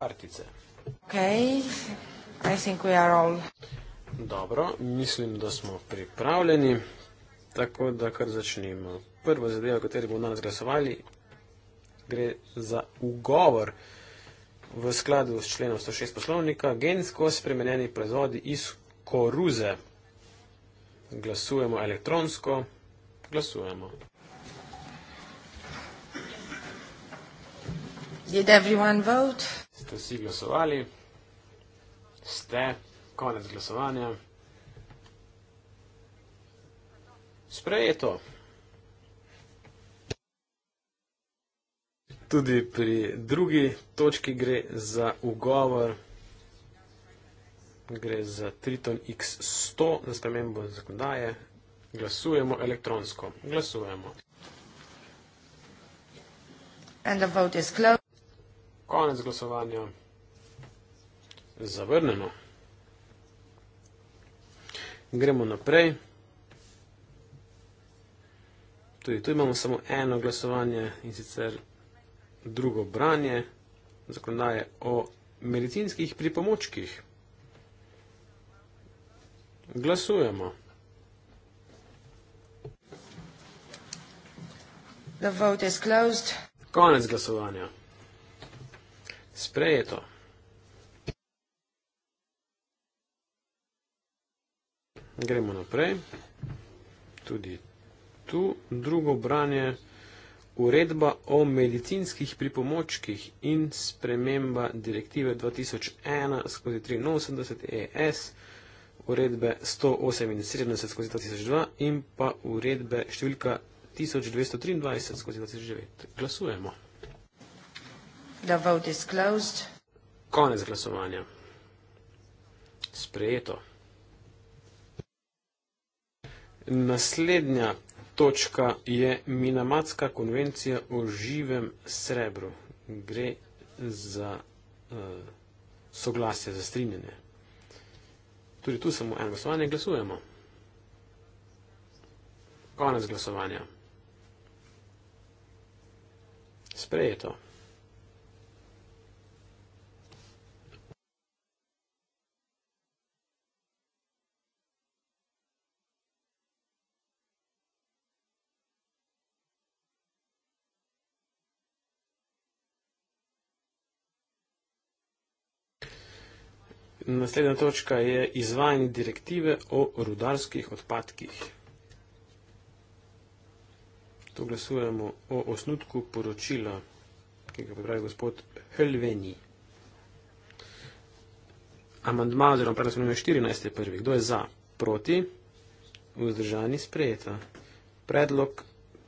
kartice. Okay. I think we are all... Dobro, mislim, da smo pripravljeni, tako da kar začnemo. Prva zadeva, o kateri bomo danes glasovali, gre za ugovor v skladu s členom 106 poslovnika, gensko spremenjeni proizvodi iz koruze. Glasujemo elektronsko, glasujemo. Did everyone vote? ste vsi glasovali, ste, konec glasovanja. Sprejeto. Tudi pri drugi točki gre za ugovor, gre za Triton X100 za spremembo zakonodaje. Glasujemo elektronsko. Glasujemo. And the vote is closed. Konec glasovanja. Zavrnjeno. Gremo naprej. Tudi tu imamo samo eno glasovanje in sicer drugo branje zakonodaje o medicinskih pripomočkih. Glasujemo. The vote is closed. Konec glasovanja sprejeto. Gremo naprej. Tudi tu drugo branje. Uredba o medicinskih pripomočkih in sprememba direktive 2001-83-ES, e uredbe 178-2002 in pa uredbe številka 1223-2009. Glasujemo. The vote is closed. Konec glasovanja. Sprejeto. Naslednja točka je Minamatska konvencija o živem srebru. Gre za uh, soglasje, za strinjanje. Tudi tu samo eno glasovanje glasujemo. Konec glasovanja. Sprejeto. naslednja točka je izvajanje direktive o rudarskih odpadkih. To glasujemo o osnutku poročila, ki ga pripravi gospod Helveni. Amandma oziroma predlog sprememe 14. je prvi. Kdo je za? Proti? Vzdržani sprejeta. Predlog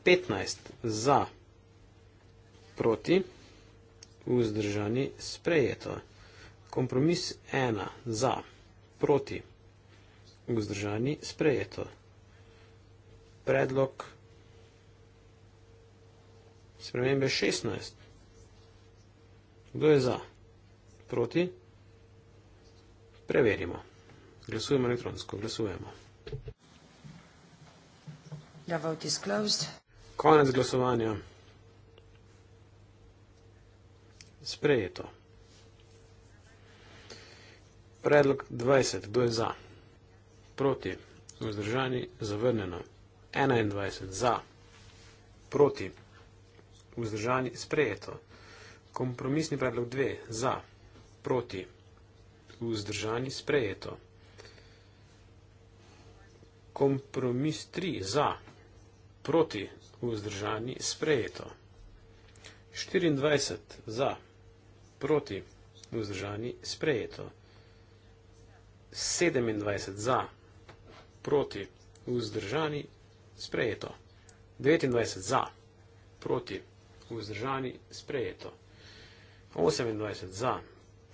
15. Za? Proti? Vzdržani sprejeta. Kompromis ena za, proti, vzdržani, sprejeto. Predlog spremembe 16. Kdo je za, proti, preverimo. Glasujemo elektronsko, glasujemo. The vote is closed. Konec glasovanja. Sprejeto. Predlog 20. Kdo je za? Proti. Vzdržani. Zavrnjeno. 21. Za. Proti. Vzdržani. Sprejeto. Kompromisni predlog 2. Za. Proti. Vzdržani. Sprejeto. Kompromis 3. Za. Proti. Vzdržani. Sprejeto. 24. Za. Proti. Vzdržani. Sprejeto. 25. Za. Proti. Vzdržani. Sprejeto. 27 za, proti, vzdržani, sprejeto. 29 za, proti, vzdržani, sprejeto. 28 za,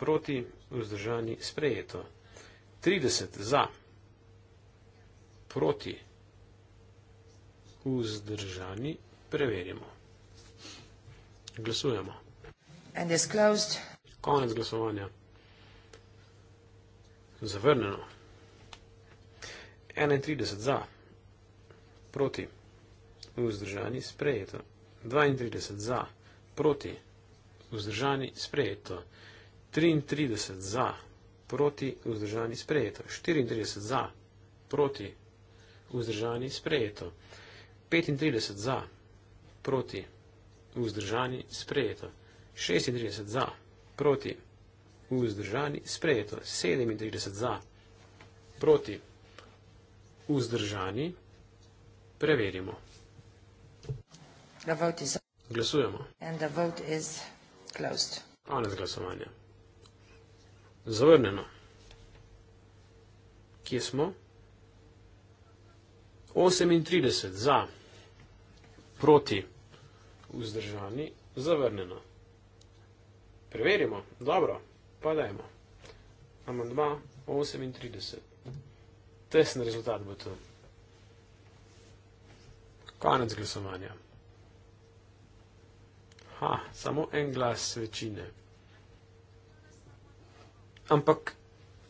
proti, vzdržani, sprejeto. 30 za, proti, vzdržani, preverimo. Glasujemo. And is closed. Konec glasovanja. Zavrnjeno. 31 za, proti, vzdržani, sprejeto. 32 za, proti, vzdržani, sprejeto. 33 za, proti, vzdržani, sprejeto. 34 za, proti, vzdržani, sprejeto. 35 za, proti, vzdržani, sprejeto. 36 za, proti, vzdržani, sprejeto vzdržani, sprejeto 37 za, proti vzdržani, preverimo. Is... Glasujemo. Konec glasovanja. Zavrnjeno. Kje smo? 38 za, proti vzdržani, zavrnjeno. Preverimo. Dobro. Pa dajmo. Amandma 38. Tesen rezultat bo to. Konec glasovanja. Ha, samo en glas večine. Ampak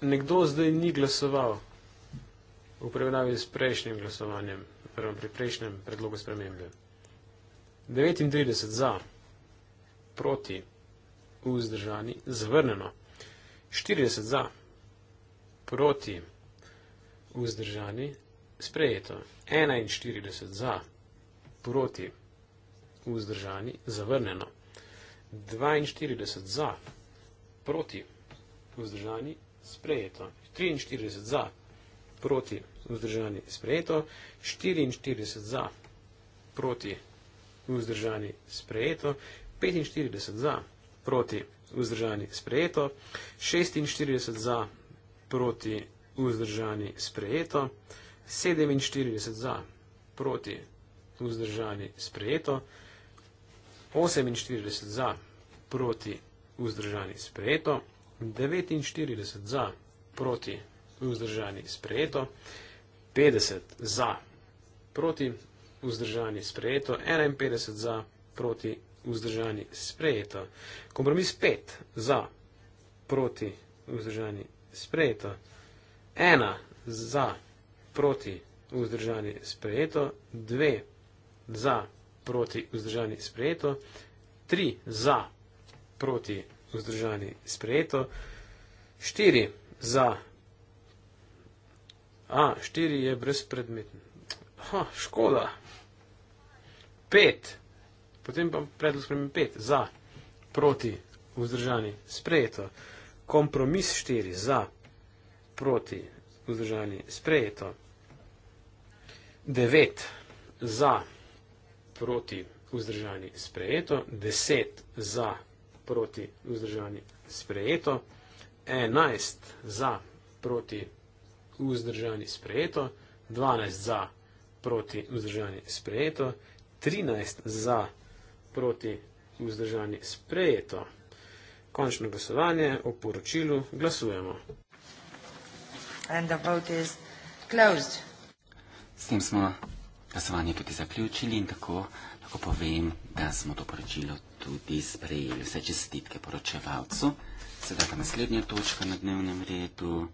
nekdo zdaj ni glasoval v prevedavi s prejšnjim glasovanjem, prvem pri prejšnjem predlogu spremembe. 39 za, proti vzdržani, zavrnjeno. 40 za, proti, vzdržani, sprejeto. 41 za, proti, vzdržani, zavrnjeno. 42 za, proti, vzdržani, sprejeto. 43 za, proti, vzdržani, sprejeto. 44 za, proti, vzdržani, sprejeto. 45 za, proti, vzdržani, sprejeto. 45 za, proti vzdržani sprejeto, 46 za proti vzdržani sprejeto, 47 za proti vzdržani sprejeto, 48 za proti vzdržani sprejeto, 49 za proti vzdržani sprejeto, 50 za proti vzdržani sprejeto, 51 za proti vzdržani sprejeto vzdržani, sprejeto. Kompromis pet, za, proti, vzdržani, sprejeto. Ena, za, proti, vzdržani, sprejeto. Dve, za, proti, vzdržani, sprejeto. Tri, za, proti, vzdržani, sprejeto. Štiri, za, a, štiri je brezpredmetno. Ha, škoda. Pet, Potem pa predlog spremem pet, za, proti, vzdržani, sprejeto. Kompromis štiri, za, proti, vzdržani, sprejeto. Devet, za, proti, vzdržani, sprejeto. Deset, za, proti, vzdržani, sprejeto. Enajst, za, proti, vzdržani, sprejeto. Dvanajst, za, proti, vzdržani, sprejeto. Trinajst, za, proti, vzdržani, sprejeto proti in vzdržani sprejeto. Končno glasovanje o poročilu glasujemo. S tem smo glasovanje tudi zaključili in tako lahko povem, da smo to poročilo tudi sprejeli. Vse čestitke poročevalcu. Sedaj pa naslednja točka na dnevnem redu.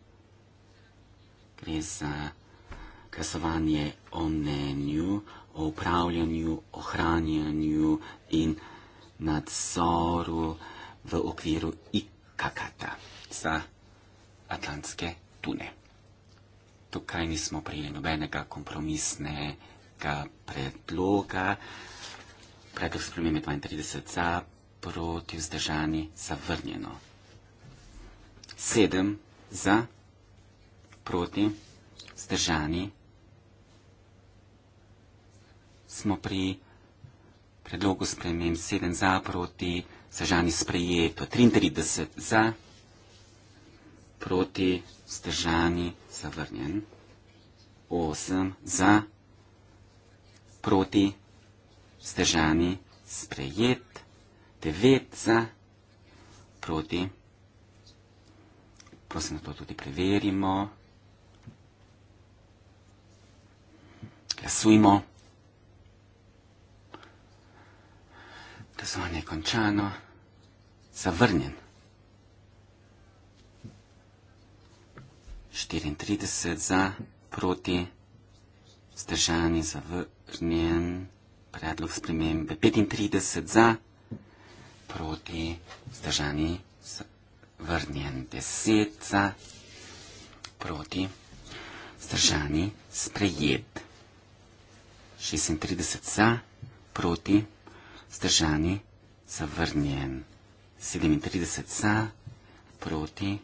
Gre za glasovanje o mnenju o upravljanju, ohranjanju in nadzoru v okviru ikakata za atlantske tune. Tukaj nismo prijeli nobenega kompromisnega predloga, predlog spremembe 32 za, proti vzdržani, zavrnjeno. Sedem za, proti, vzdržani, zavrnjeno smo pri predlogu sprememb 7 za proti zažani sprejeto 33 za proti zdržani zavrnjen 8 za proti zdržani sprejet 9 za proti prosim, da to tudi preverimo glasujmo Dokazovanje je končano. Zavrnjen. 34 za, proti, zdržani, zavrnjen, predlog spremembe. 35 za, proti, zdržani, zavrnjen. 10 za, proti, zdržani, sprejet. 36 za, proti, zdržani. Zdržani, zavrnjen 37 za, proti,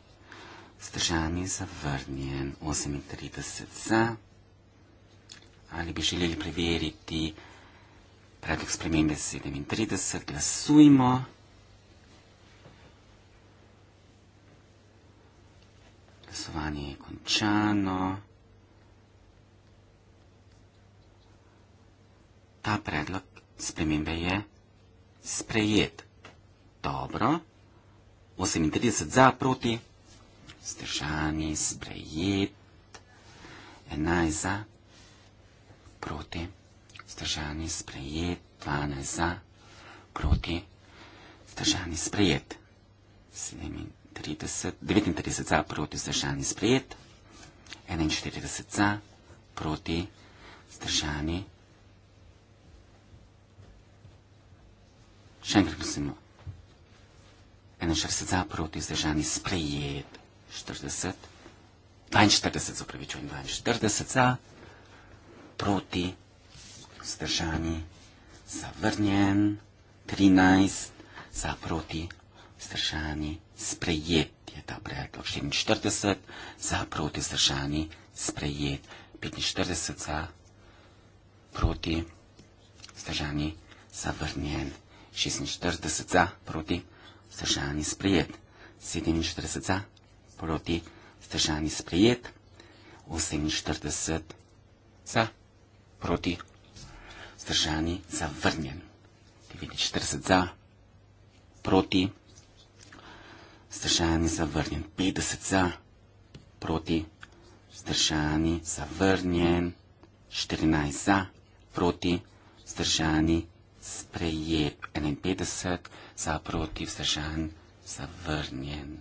zdržani, zavrnjen 38 za. Ali bi želeli preveriti predlog spremembe 37, glasujmo. Glasovanje je končano. Ta predlog spremembe je sprejet. Dobro, 38 za, proti, zdržani, sprejet, 11 za, proti, zdržani, sprejet, 12 za, proti, zdržani, sprejet, 37, 39 za, proti, zdržani, sprejet, 41 za, proti, zdržani, sprejet. Še enkrat, prosim. 41 za, proti, zdržani, sprejet. 40. 42, zapravičujem, 42 za, proti, zdržani, zavrnjen. 13 za, proti, zdržani, sprejet je ta predlog. 44 za, proti, zdržani, sprejet. 45 za, proti, zdržani, zavrnjen. 46 za, proti, vzdržani sprejet. 47 za, proti, vzdržani sprejet. 48 za, proti, vzdržani zavrnjen. 49 za, proti, vzdržani zavrnjen. 50 za, proti, vzdržani zavrnjen. 14 za, proti, vzdržani zavrnjen sprejet, 51 za proti vzdržan, zavrnjen.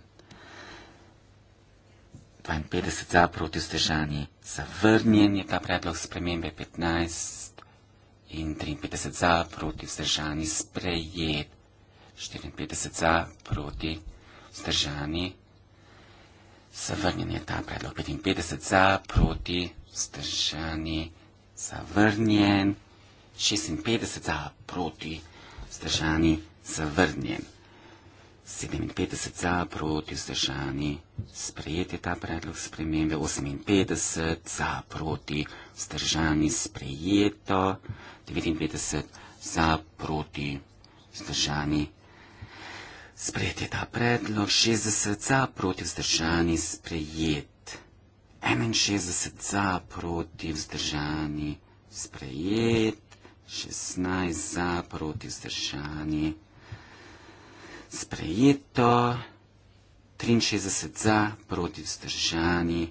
52 za proti vzdržan je zavrnjen, je ta predlog spremembe 15 in 53 za proti vzdržan je sprejet. 54 za proti vzdržan je zavrnjen, je ta predlog 55 za proti vzdržan je zavrnjen. 56 za proti, vzdržani zavrnjen. 57 za proti, vzdržani sprejeti ta predlog spremembe. 58 za proti, vzdržani sprejeto. 59 za proti, vzdržani sprejeti ta predlog. 60 za proti, vzdržani sprejeti. 61 za proti vzdržani sprejet. 16 za, proti vzdržani. Sprejeto. 63 za, proti vzdržani.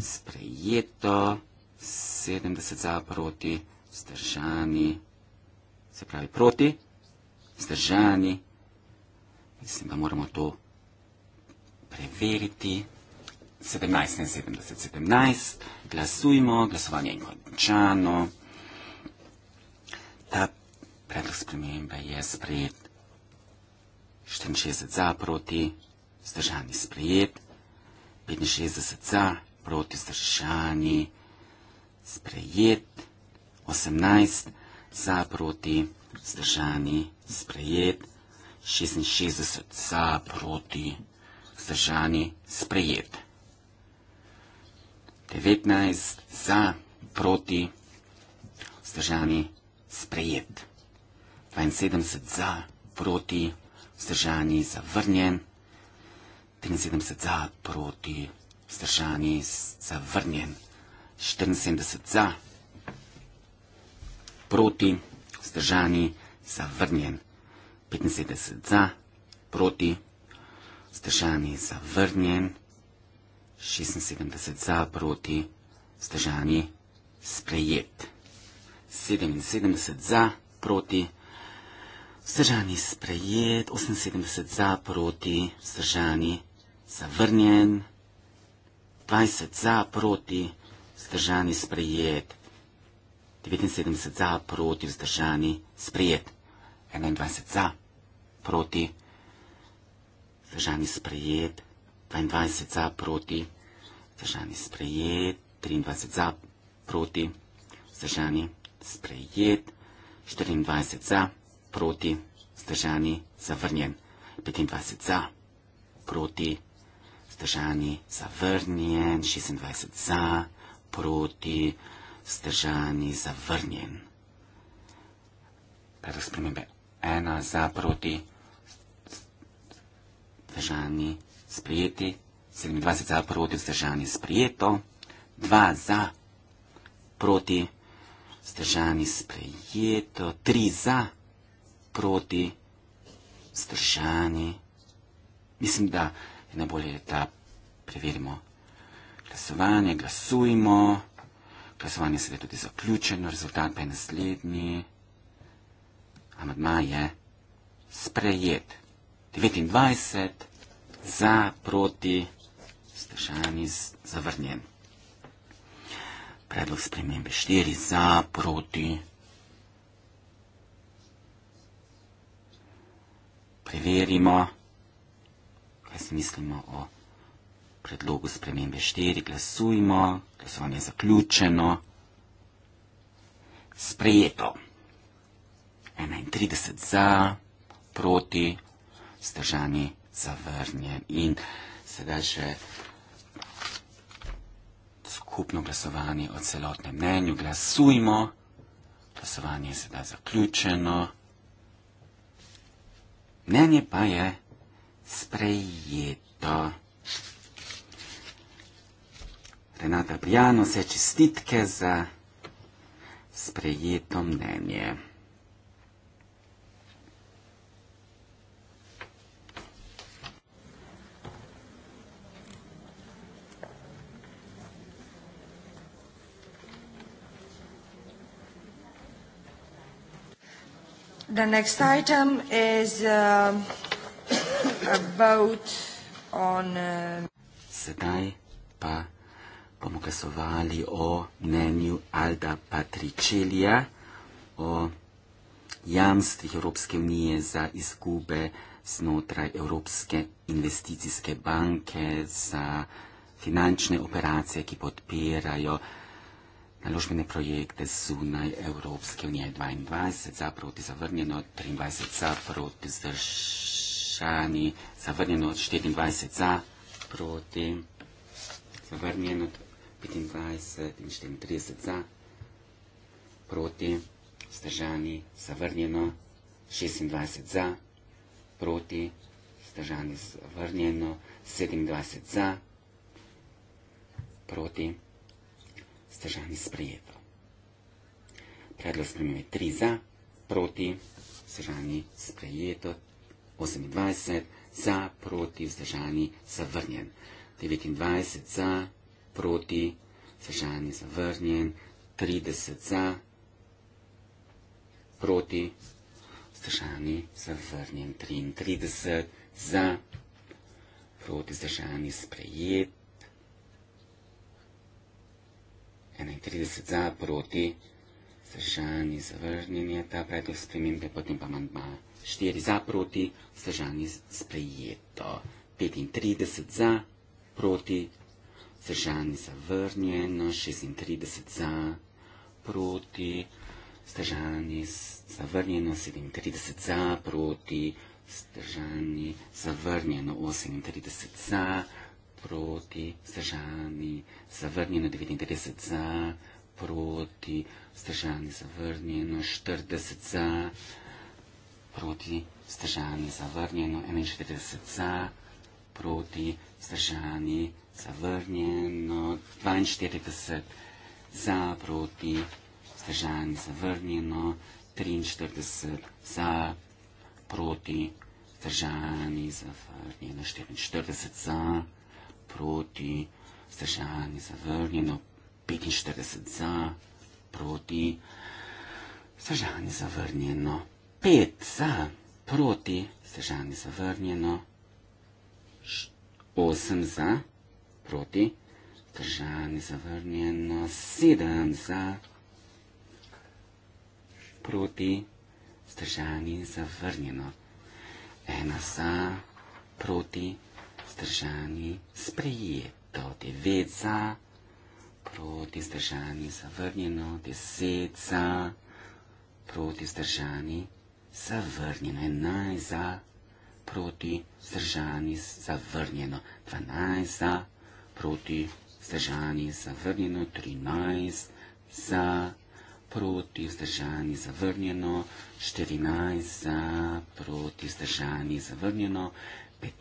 Sprejeto. 70 za, proti vzdržani. Se pravi proti, vzdržani. Mislim, da moramo to preveriti. 17, 70, 17. Glasujmo, glasovanje je končano. spremembe je sprejet. 64 za, proti, zdržani sprejet. 65 za, proti, zdržani sprejet. 18 za, proti, zdržani sprejet. 66 za, proti, zdržani sprejet. 19 za, proti, zdržani sprejet. 72 za, proti, vzdržani, zavrnjen. 73 za, proti, vzdržani, zavrnjen. 74 za, proti, vzdržani, zavrnjen. 75 za, proti, vzdržani, zavrnjen. 76 za, proti, vzdržani, sprejet. 77 za, proti, vzdržani, zavrnjen. Vzdržani sprejet, 78 za, proti, vzdržani zavrnjen, 20 za, proti, vzdržani sprejet, 79 za, proti, vzdržani sprejet, 21 za, proti, vzdržani sprejet, 22 za, proti, vzdržani sprejet, 23 za, proti, vzdržani sprejet, 24 za, proti, proti, zdržani, zavrnjen. 25 za, proti, zdržani, zavrnjen. 26 za, proti, zdržani, zavrnjen. Predlog spremembe. 1 za, proti, zdržani, sprijeti. 27 za, proti, zdržani, sprijeto. 2 za, proti, zdržani, sprijeto. 3 za, proti, zdržani, sprijeto naproti, zdržani. Mislim, da je najbolje, da preverimo glasovanje, glasujmo. Glasovanje se je tudi zaključeno, rezultat pa je naslednji. Amadma je sprejet. 29 za, proti, vzdržani, zavrnjen. Predlog spremembe 4 za, proti, preverimo, kaj si mislimo o predlogu spremembe 4, glasujmo, glasovanje je zaključeno, sprejeto. 31 za, proti, stržani zavrnjen in sedaj že skupno glasovanje o celotnem mnenju. Glasujmo, glasovanje je sedaj zaključeno mnenje pa je sprejeto. Renata Prijano se čestitke za sprejeto mnenje. The next item is uh, a vote on. Uh... Sedaj pa bomo glasovali o mnenju Alda Patricelija o jamstvih Evropske unije za izgube znotraj Evropske investicijske banke za finančne operacije, ki podpirajo Naložbene projekte zunaj Evropske unije 22 za proti zavrnjeno, 23 za proti zdržani, zavrnjeno 24 za proti zavrnjeno, 25 in 34 za proti zdržani, zavrnjeno 26 za proti zdržani, zavrnjeno 27 za proti zdržani. Stržan je sprejeto. Predlog spremembe 3 za, proti, Stržan je sprejeto, 28 za, proti, Stržan je zavrnjen, 29 za, proti, Stržan je zavrnjen, 30 za, proti, Stržan je zavrnjen, 33 za, proti, Stržan je sprejeto, 31 za, proti, vzdržani, zavrnjen je ta predlog spremembe, potem pa amandma 4 za, proti, vzdržani, sprejeto. 35 za, proti, vzdržani, zavrnjeno, 36 za, proti, vzdržani, zavrnjeno, 37 za, proti, vzdržani, zavrnjeno, 38 za, proti, proti, vzdržani, zavrnjeno 39 za, proti, vzdržani, zavrnjeno 40 za, proti, vzdržani, zavrnjeno 41 za, proti, vzdržani, zavrnjeno 42 za, proti, vzdržani, zavrnjeno 43 za, proti, vzdržani, zavrnjeno 44 za, proti, proti, vzdržani, zavrnjeno, 45 za, proti, vzdržani, zavrnjeno, 5 za, proti, vzdržani, zavrnjeno, 8 za, proti, vzdržani, zavrnjeno, 7 za, proti, vzdržani, zavrnjeno, 1 za, proti, vzdržani, zavrnjeno, vzdržani, sprejeto, devet za, proti vzdržani, zavrnjeno, deset za, proti vzdržani, zavrnjeno, enajst za, proti vzdržani, zavrnjeno, dvanajst za, proti vzdržani, zavrnjeno, trinajst za proti vzdržani zavrnjeno, 14 za proti vzdržani zavrnjeno,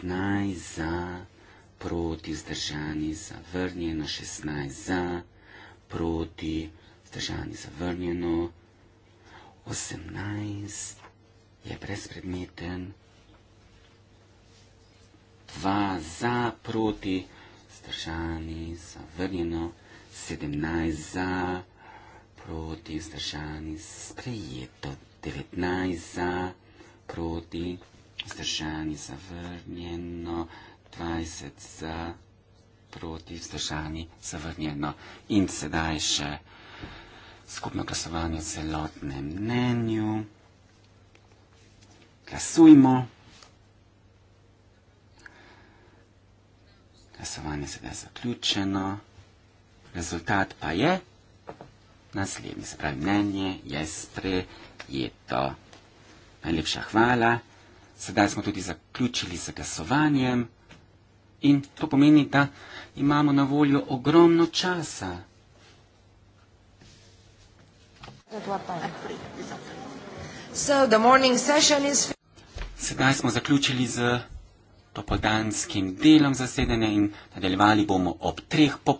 15 za proti vzdržani zavrnjeno, 16 za proti vzdržani zavrnjeno, 18 je brezpredmeten, 2 za proti vzdržani zavrnjeno, 17 za proti vzdržani zavrnjeno, proti vzdržani, sprejeto 19 za, proti vzdržani, zavrnjeno 20 za, proti vzdržani, zavrnjeno. In sedaj še skupno glasovanje o celotnem mnenju. Glasujmo. Glasovanje sedaj zaključeno. Rezultat pa je naslednji. Se pravi, mnenje je sprejeto. Najlepša hvala. Sedaj smo tudi zaključili z glasovanjem in to pomeni, da imamo na voljo ogromno časa. Sedaj smo zaključili z topodanskim delom zasedanja in nadaljevali bomo ob treh popoldne.